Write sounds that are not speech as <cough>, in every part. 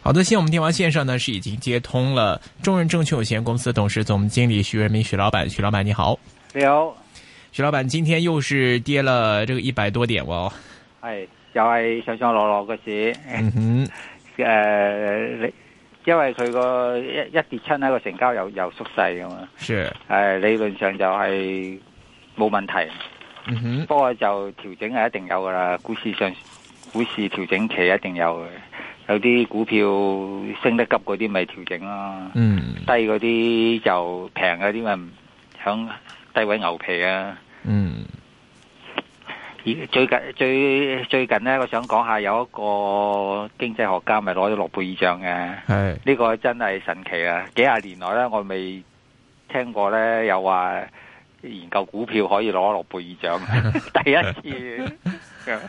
好的，現在我們電話線上呢是已經接通了中潤證券有限公司董事總經理徐潤民，徐老闆，徐老闆你好，你好，徐老闆，今天又是跌了這個一百多點哦，係又係上上落落嘅事。嗯哼，誒、 <laughs> 呃，因為佢個一一跌親，呢個成交又又縮細噶嘛，係，誒、哎、理論上就係冇問題，嗯哼，不過就調整係一定有噶啦，股市上股市調整期一定有嘅。有啲股票升得急嗰啲咪調整咯，低嗰啲就平嗰啲咪響低位牛皮啊！嗯，而最近最最近咧，我想講下有一個經濟學家咪攞咗諾貝爾獎嘅，係呢個真係神奇啊！幾廿年來咧，我未聽過咧，有話研究股票可以攞諾貝爾獎，第一次。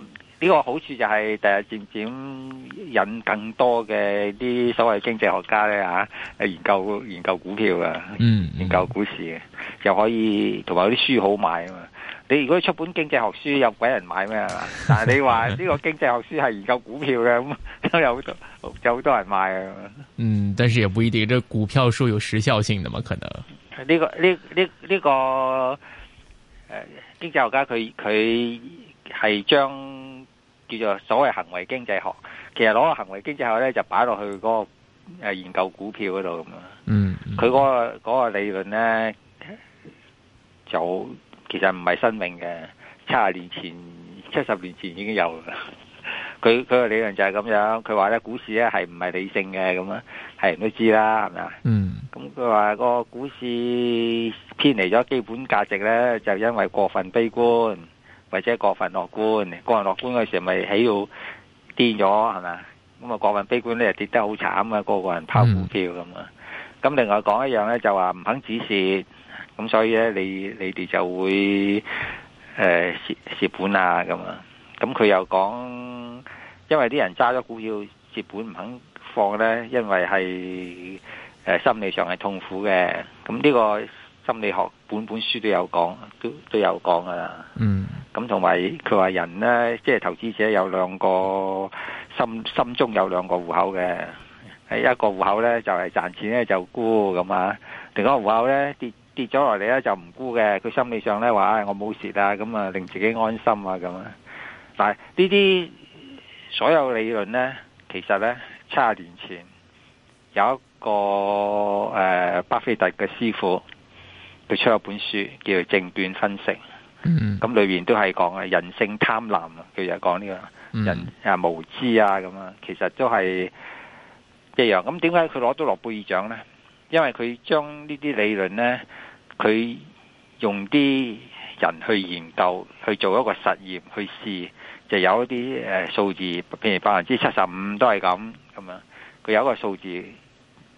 呢、這個好處就係、是，第日漸漸引更多嘅啲所謂經濟學家咧吓、啊，研究研究股票啊，研究股市嘅，又、嗯嗯、可以同埋啲書好賣啊嘛。你如果出本經濟學書，有鬼人買咩 <laughs> 啊？但係你話呢個經濟學書係研究股票嘅，咁都有好多人買啊。嗯，但係也不一定，呢股票書有時效性嘅嘛，可能呢、這個呢呢呢個誒、這個呃，經濟學家佢佢。係將叫做所謂行為經濟學，其實攞個行為經濟學咧就擺落去嗰個誒研究股票嗰度咁咯。嗯，佢嗰個嗰個理論咧就其實唔係新明嘅，七十年前、七十年前已經有。佢佢個理論就係咁樣，佢話咧股市咧係唔係理性嘅咁啊，係人都知啦，係咪啊？嗯。咁佢話嗰個股市偏離咗基本價值咧，就因為過分悲觀。或者過分樂觀，過分樂觀嗰時咪喺度跌咗係咪？咁啊過分悲觀咧就跌得好慘啊！個個人拋股票咁啊。咁另外講一樣咧就話唔肯止蝕，咁所以咧你你哋就會誒蝕蝕本啊咁啊。咁佢又講，因為啲人揸咗股票蝕本唔肯放咧，因為係誒心理上係痛苦嘅。咁呢個。心理學本本書都有講，都都有講噶啦。嗯，咁同埋佢話人咧，即係投資者有兩個心心中有兩個戶口嘅，係一個戶口咧就係賺錢咧就沽咁啊，另一個戶口咧跌跌咗落嚟咧就唔沽嘅。佢心理上咧話唉我冇事啊，咁啊令自己安心啊咁啊。但係呢啲所有理論咧，其實咧七十年前有一個誒巴菲特嘅師傅。佢出咗本書，叫做《證斷分析》，咁、mm-hmm、裏面都係講啊人性貪婪，佢就講呢個人啊無知啊咁啊，其實都係一樣。咁點解佢攞到諾貝爾獎咧？因為佢將呢啲理論咧，佢用啲人去研究，去做一個實驗去試，就有一啲誒數字，譬如百分之七十五都係咁咁樣。佢有一個數字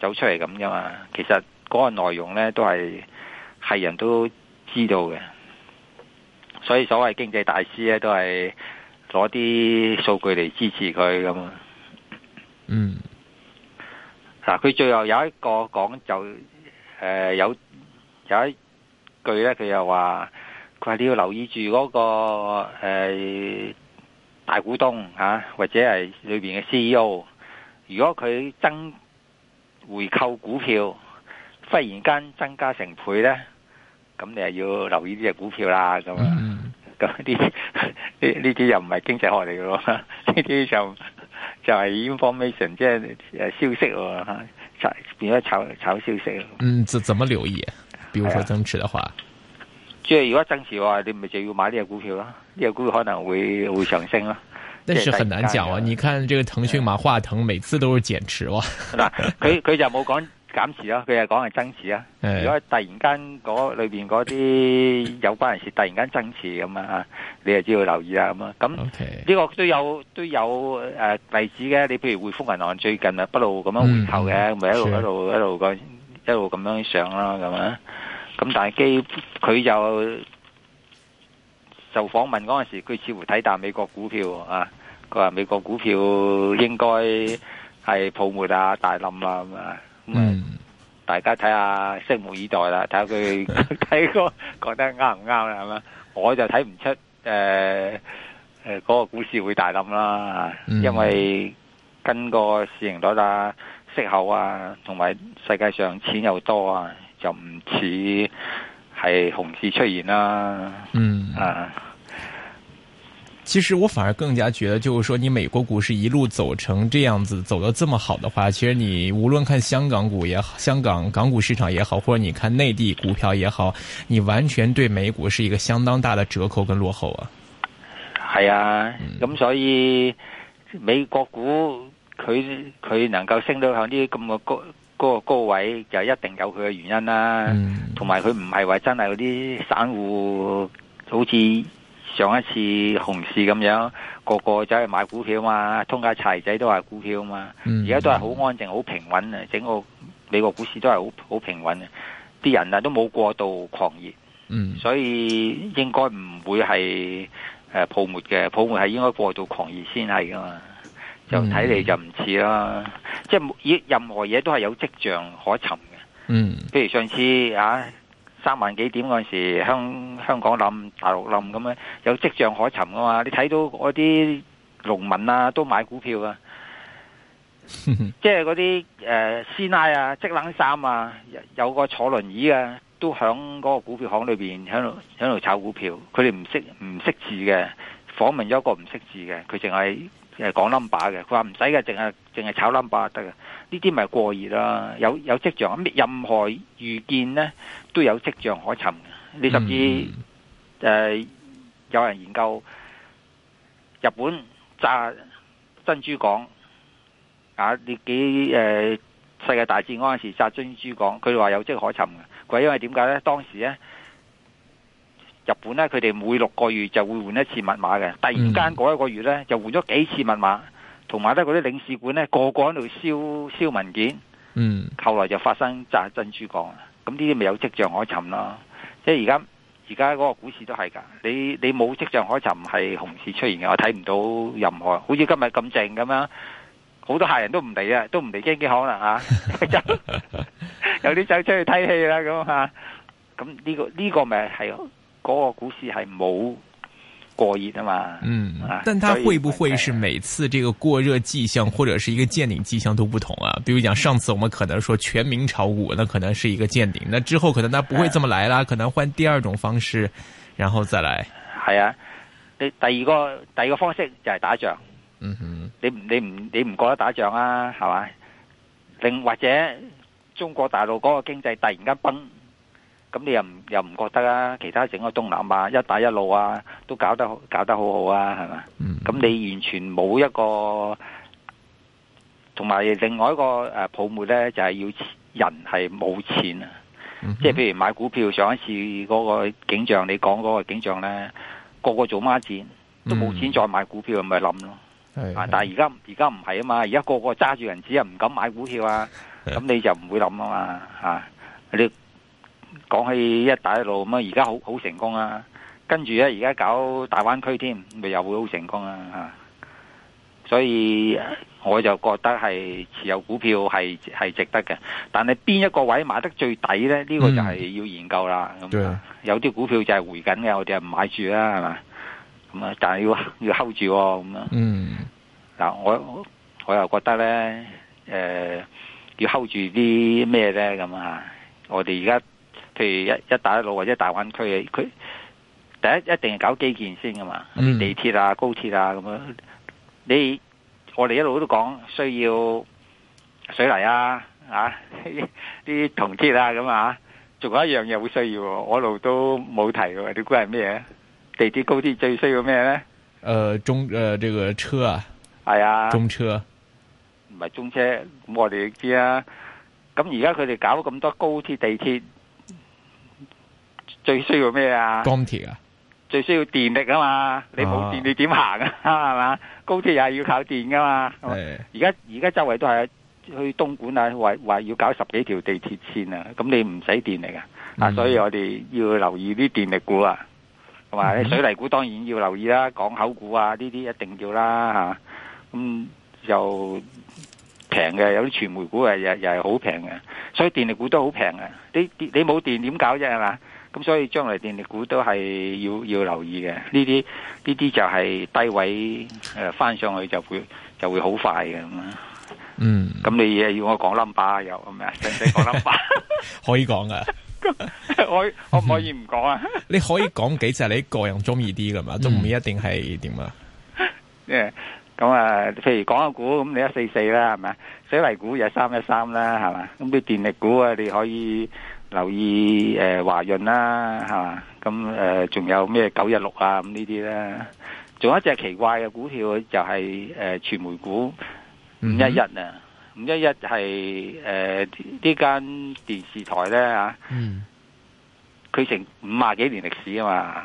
走出嚟咁啫嘛。其實嗰個內容咧都係。係人都知道嘅，所以所謂經濟大師咧，都係攞啲數據嚟支持佢咁啊。嗯。嗱，佢最後有一個講就、呃、有有一句咧，佢又話：佢話你要留意住嗰、個、呃、大股東、啊、或者係裏面嘅 C E O。如果佢增回購股票，忽然間增加成倍咧。咁你又要留意呢隻股票啦，咁、嗯、啊，咁呢呢呢啲又唔係經濟學嚟嘅咯，呢啲就就係、是、information，即係消息喎，變咗炒炒消息咯。嗯，怎怎麼留意？比如說增持的話，即係、啊、如果增持嘅話，你咪就要買呢隻股票咯，呢、這、嘅、個、股票可能會會上升咯。但是很難講啊的！你看這個騰訊馬化騰每次都是減持嗱、啊，佢、嗯、佢就冇講。 <laughs> 減持啦，佢又講係增持啦。如果突然間嗰裏邊嗰啲有關人士突然間增持咁啊，你就知道留意啊咁啊。咁呢個都有都有誒例子嘅。你譬如匯豐銀行最近咪不露咁樣回頭嘅，咪一路一路一路個一路咁樣上啦咁啊。咁但係基佢又就訪問嗰陣時，佢似乎睇淡美國股票啊。佢話美國股票應該係泡沫啦、大冧啦咁啊。大家睇下，拭目以待啦！睇下佢睇個覺得啱唔啱啦，係嘛？我就睇唔出，誒、呃、誒，嗰、呃嗰個股市會大冧啦，因為跟個市盈率啊、息口啊，同埋世界上錢又多啊，就唔似係熊市出現啦、啊。嗯啊。其實我反而更加覺得，就是說你美國股市一路走成這樣子，走得這麼好的話，其實你無論看香港股也好，香港港股市場也好，或者你看內地股票也好，你完全對美股是一個相當大的折扣跟落後啊。係啊，咁所以美國股佢佢能夠升到向啲咁嘅高個高，高位，就一定有佢嘅原因啦。同埋佢唔係話真係嗰啲散戶，好似。上一次熊市咁樣，個個走去買股票嘛，通街柴仔都話股票嘛。而家都係好安靜，好平穩啊！整個美國股市都係好好平穩，啲人啊都冇過度狂熱，嗯，所以應該唔會係誒泡沫嘅，泡沫係應該過度狂熱先係噶嘛。就睇嚟，就唔似啦，即係以任何嘢都係有跡象可尋嘅。嗯，譬如上次啊。三萬幾點嗰陣時，香香港冧，大陸冧咁咧，有跡象可尋噶嘛？你睇到嗰啲農民啊，都買股票啊，即係嗰啲誒師奶啊，織冷衫啊，有個坐輪椅嘅都喺嗰個股票行裏邊喺度喺度炒股票。佢哋唔識唔識字嘅，訪問咗個唔識字嘅，佢淨係係講 number 嘅，佢話唔使嘅，淨係淨係炒 number 得嘅。呢啲咪過熱啦？有有跡象，任何預見咧。都有跡象可尋嘅，你甚至誒、嗯呃、有人研究日本炸珍珠港啊！你幾誒、呃、世界大戰嗰陣時炸珍珠港，佢哋話有跡可尋嘅。佢因為點解咧？當時咧，日本咧佢哋每六個月就會換一次密碼嘅，突然間嗰一個月咧就換咗幾次密碼，同埋咧嗰啲領事館咧個個喺度燒燒文件，嗯，後來就發生炸珍珠港。咁呢啲咪有跡象可尋啦，即係而家而家嗰個股市都係噶，你你冇跡象可尋係熊市出現嘅，我睇唔到任何，好似今日咁靜咁樣，好多客人都唔嚟啊，都唔嚟，經紀可能嚇？有啲走出去睇戲啦，咁咁呢個呢、呢個咪係嗰個股市係冇。過熱啊嘛，嗯，但他會不會是每次這個過熱跡象或者是一個見頂跡象都不同啊？比如講上次我們可能說全民炒股，那可能是一個見頂，那之後可能他不會這麼來啦，啊，可能換第二種方式，然後再來。係啊，你第二個第二個方式就係打仗。嗯哼，你你唔你唔覺得打仗啊，係嘛？另或者中國大陸嗰個經濟突然間崩。咁你又唔又唔覺得啊？其他整個東南亞、一帶一路啊，都搞得搞得好好啊，係咪？咁你完全冇一個，同埋另外一個誒泡沫咧，就係要人係冇錢啊！即係譬如買股票，上一次嗰個景象，你講嗰個景象咧，個個做孖展都冇錢再買股票，咪諗咯。係，但係而家而家唔係啊嘛，而家個個揸住人仔啊，唔敢買股票啊，咁你就唔會諗啊嘛，嚇你。講起一帶一路咁啊，而家好好成功啊！跟住咧，而家搞大灣區添，咪又會好成功啊！吓，所以我就覺得係持有股票係係值得嘅。但係邊一個位買得最抵咧？呢、這個就係要研究啦。咁、嗯嗯啊，有啲股票就係回緊嘅，我哋啊唔買住啦，係嘛？咁啊，但係要要 hold 住咁、哦、嗯。嗱、嗯，我我又覺得咧，誒、呃，要 hold 住啲咩咧？咁啊，我哋而家。譬如一一帶一路或者大灣區嘅，佢第一一定係搞基建先噶嘛，地鐵啊、高鐵啊咁樣。你我哋一路都講需要水泥啊，啊啲銅鐵啊咁啊。仲有一樣嘢好需要，我一路都冇提嘅，你估係咩嘢？地鐵高鐵最需要咩咧？誒中，誒這個車啊，係啊，中車唔係中車，咁我哋亦知啊。咁而家佢哋搞咁多高鐵地鐵最需要咩啊？鋼鐵啊，最需要電力啊嘛！你冇電你點行啊？係嘛？高鐵又係要靠電噶嘛？而家而家周圍都係去東莞啊，話話要搞十幾條地鐵線啊！咁你唔使電力嚟噶，所以我哋要留意啲電力股啦，同埋啲水泥股當然要留意啦，港口股啊呢啲一定要啦吓。咁又平嘅，有啲傳媒股又又係好平嘅，所以電力股都好平嘅。你你冇電點搞啫？係嘛？咁所以將來電力股都係要要留意嘅，呢啲呢啲就係低位誒翻上去就會就會好快嘅。嗯，咁你又要我講 number 又係咪啊？使唔使講 number？可以講噶，可可唔可以唔講啊？你可以講幾隻你個人中意啲噶嘛，都唔一定係點啊。誒，咁啊，譬如講個股，咁你一四四啦，係咪？水泥股又三一三啦，係嘛？咁啲電力股啊，你可以。留意誒、呃、華潤啦、啊，嚇咁誒仲有咩九一六啊咁呢啲咧？仲、啊、有一隻奇怪嘅股票就係、是、誒、呃、傳媒股五一一啊！五一一係誒呢間電視台咧嚇，佢、啊嗯、成五廿幾年歷史啊嘛，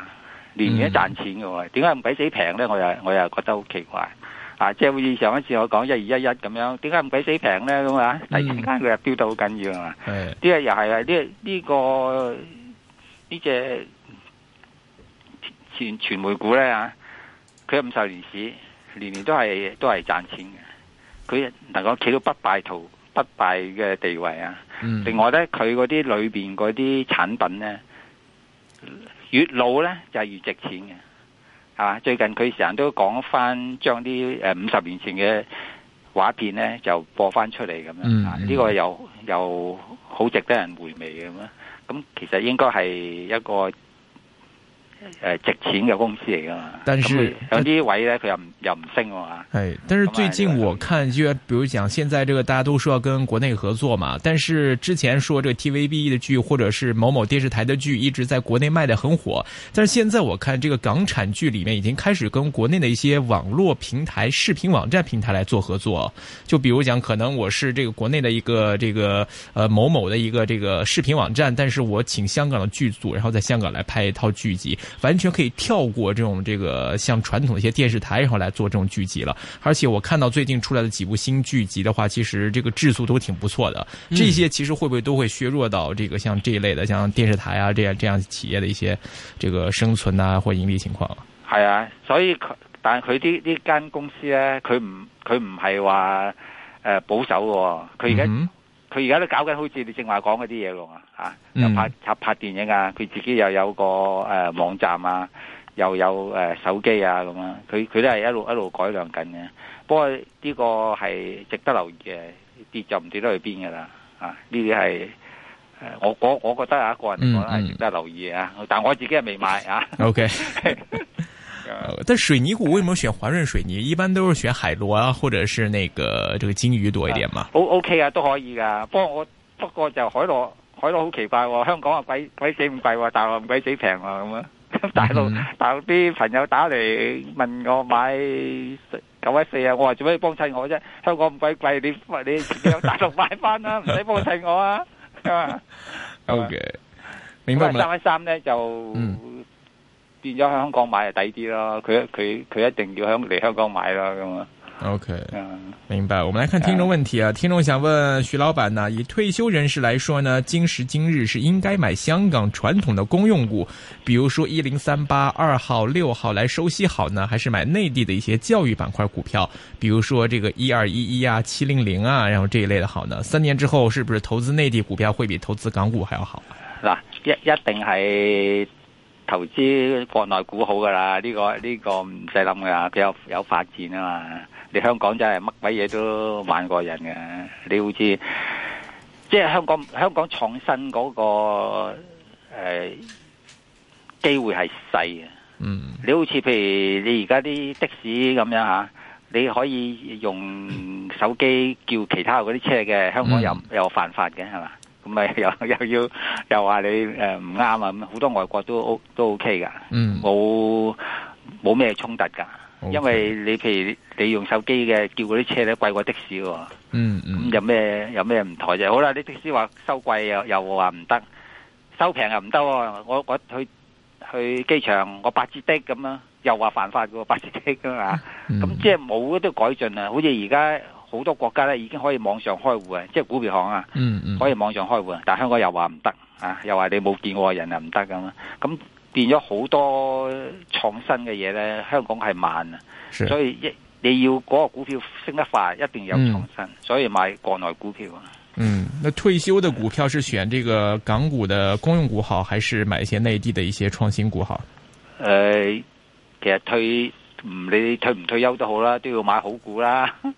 年年都賺錢嘅、啊、喎，點解唔俾死平咧？我又我又覺得好奇怪。啊！即係好似上一次我講一二一一咁樣，點解唔鬼死平咧咁啊？突然間佢又飆到好緊要啊！呢、呢個又係呢呢個呢隻全傳、傳媒股咧啊！佢五十年史，年年都係都係賺錢嘅。佢能夠企到不敗圖、不敗嘅地位啊！嗯、另外咧，佢嗰啲裏邊嗰啲產品咧，越老咧就係、是、越值錢嘅。係最近佢成日都講翻，將啲誒五十年前嘅畫片咧，就播翻出嚟咁樣。呢、嗯，這個又又好值得人回味咁啊！咁其實應該係一個。呃，值錢嘅公司嚟㗎嘛？但是有啲位呢，佢又又唔升啊、哎！但是最近我看，就比如講，現在這個大家都說要跟國內合作嘛。但是之前說，這個 TVB 的劇，或者是某某電視台的劇，一直在國內賣的很火。但是現在我看，這個港產劇裏面已經開始跟國內的一些網絡平台、視頻網站平台來做合作。就比如講，可能我是這個國內的一個這個，呃，某某的一個這個視頻網站，但是我請香港嘅劇組，然後在香港來拍一套劇集。完全可以跳過這種這個像傳統的一些電視台，然後來做這種劇集了。而且我看到最近出來的幾部新劇集的話，其實這個質素都挺不錯的。這些其實會不會都會削弱到這個像這一類的，像電視台啊這樣這樣企業的一些這個生存啊或盈利情況？係啊，所以但係佢啲呢間公司呢、啊，佢唔佢唔係話誒保守嘅、哦，佢而家。佢而家都搞緊好似你正話講嗰啲嘢咯，啊，又拍拍拍電影啊，佢自己又有個誒、呃、網站啊，又有誒、呃、手機啊咁樣，佢佢都係一路一路改良緊嘅。不過呢個係值得留意嘅，跌就唔跌得去邊噶啦，啊，呢啲係我我我覺得啊，個人嚟講係值得留意啊，但係我自己係未買啊。OK <laughs> <laughs> 嗯、但水泥股為什麼選華潤水泥？一般都是選海螺啊，或者是那個這個金魚多一點嘛。O O K 啊，都可以噶。不過我不過就海螺海螺好奇怪喎，哦，香港啊鬼鬼死咁貴喎，大陸唔鬼死平啊咁啊。大陸、嗯、大陸啲朋友打嚟問我買九一四啊，9, 4, 我話做咩幫襯我啫？香港唔鬼貴，你你自己喺大陸買翻啦，唔使幫襯我啊。 <laughs> o、okay, K，明白三一三咧就、嗯變咗香港買係抵啲咯，佢佢佢一定要香嚟香港買啦咁啊。OK，嗯，明白。我們來看聽眾問題啊，聽眾想問徐老闆呢，以退休人士來說呢，今時今日是應該買香港傳統的公用股，比如說一零三八、二號、六號來收息好呢，還是買內地的一些教育板塊股票，比如說這個一二一一啊、七零零啊，然後這一類的好呢？三年之後是不是投資內地股票會比投資港股還要好？嗱，一一定係。投資國內股好噶啦，呢、這個呢、這個唔使諗噶，比較有，有發展啊嘛。你香港真係乜鬼嘢都玩過人嘅，那個呃，你好似即係香港香港創新嗰個誒機會係細嘅。嗯，你好似譬如你而家啲的士咁樣吓，你可以用手機叫其他嗰啲車嘅，香港又又犯法嘅係嘛？咁咪又又要又話你誒唔啱啊！好多外國都 O 都 OK 噶，冇冇咩衝突噶。因為你譬如你用手機嘅叫嗰啲車咧貴過的士喎，咁有咩有咩唔妥啫？好啦，啲的士話收貴又又話唔得，收平又唔得。我我去去機場我八折的咁樣，又話犯法嘅八折的啊，咁即係冇嗰啲改進啊，好似而家。好多國家咧已經可以網上開戶啊，即係股票行啊，可以網上開戶啊、嗯。但香港又話唔得啊，又話你冇見過人啊唔得㗎嘛。咁變咗好多創新嘅嘢咧，香港係慢啊。所以一你要嗰個股票升得快，一定有創新、嗯。所以買國內股票啊。嗯，那退休的股票是選這個港股的公用股好，還是買一些內地的一些創新股好？誒、呃，其實退唔你退唔退休都好啦，都要買好股啦。 <laughs>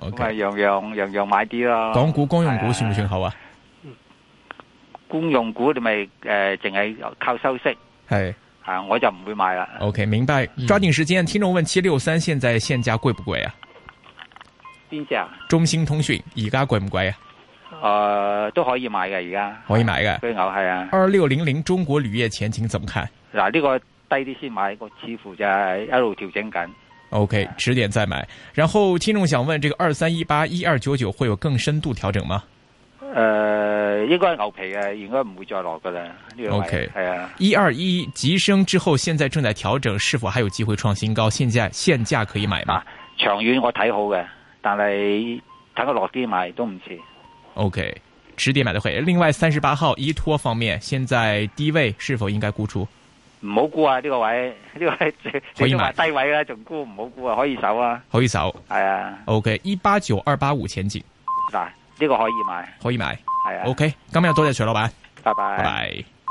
咪樣樣樣樣買啲咯。港股公用股算唔算好啊，啊？公用股你咪誒，淨、呃、係靠收息。係啊，我就唔會買啦。OK，明白。抓緊時間、嗯，聽眾問七六三現在現價貴唔貴啊？邊隻啊？中興通訊而家貴唔貴啊？誒、呃，都可以買嘅，而家可以買嘅。飛牛係啊。二六零零中國鋁業前景怎麼看？嗱，呢、這個低啲先買，個似乎就係一路調整緊。OK，遲點再買。然後聽眾想問，這個二三一八一二九九會有更深度調整嗎？呃，應該牛皮嘅，應該唔會再落噶啦。OK，係啊。一二一急升之後，現在正在調整，是否還有機會創新高？現在現價可以買嗎？啊、長遠我睇好嘅，但係睇個落啲買都唔遲。OK，遲點買的會。另外三十八號依托方面，現在低位是否應該沽出？唔好沽啊！呢個位呢個位最都話低位啦，仲沽唔好沽啊，可以守啊，可以守係啊。OK，一八九二八五前進嗱，呢、這個可以買，可以買係啊。OK，今日多謝徐老闆，拜拜拜。Bye bye bye bye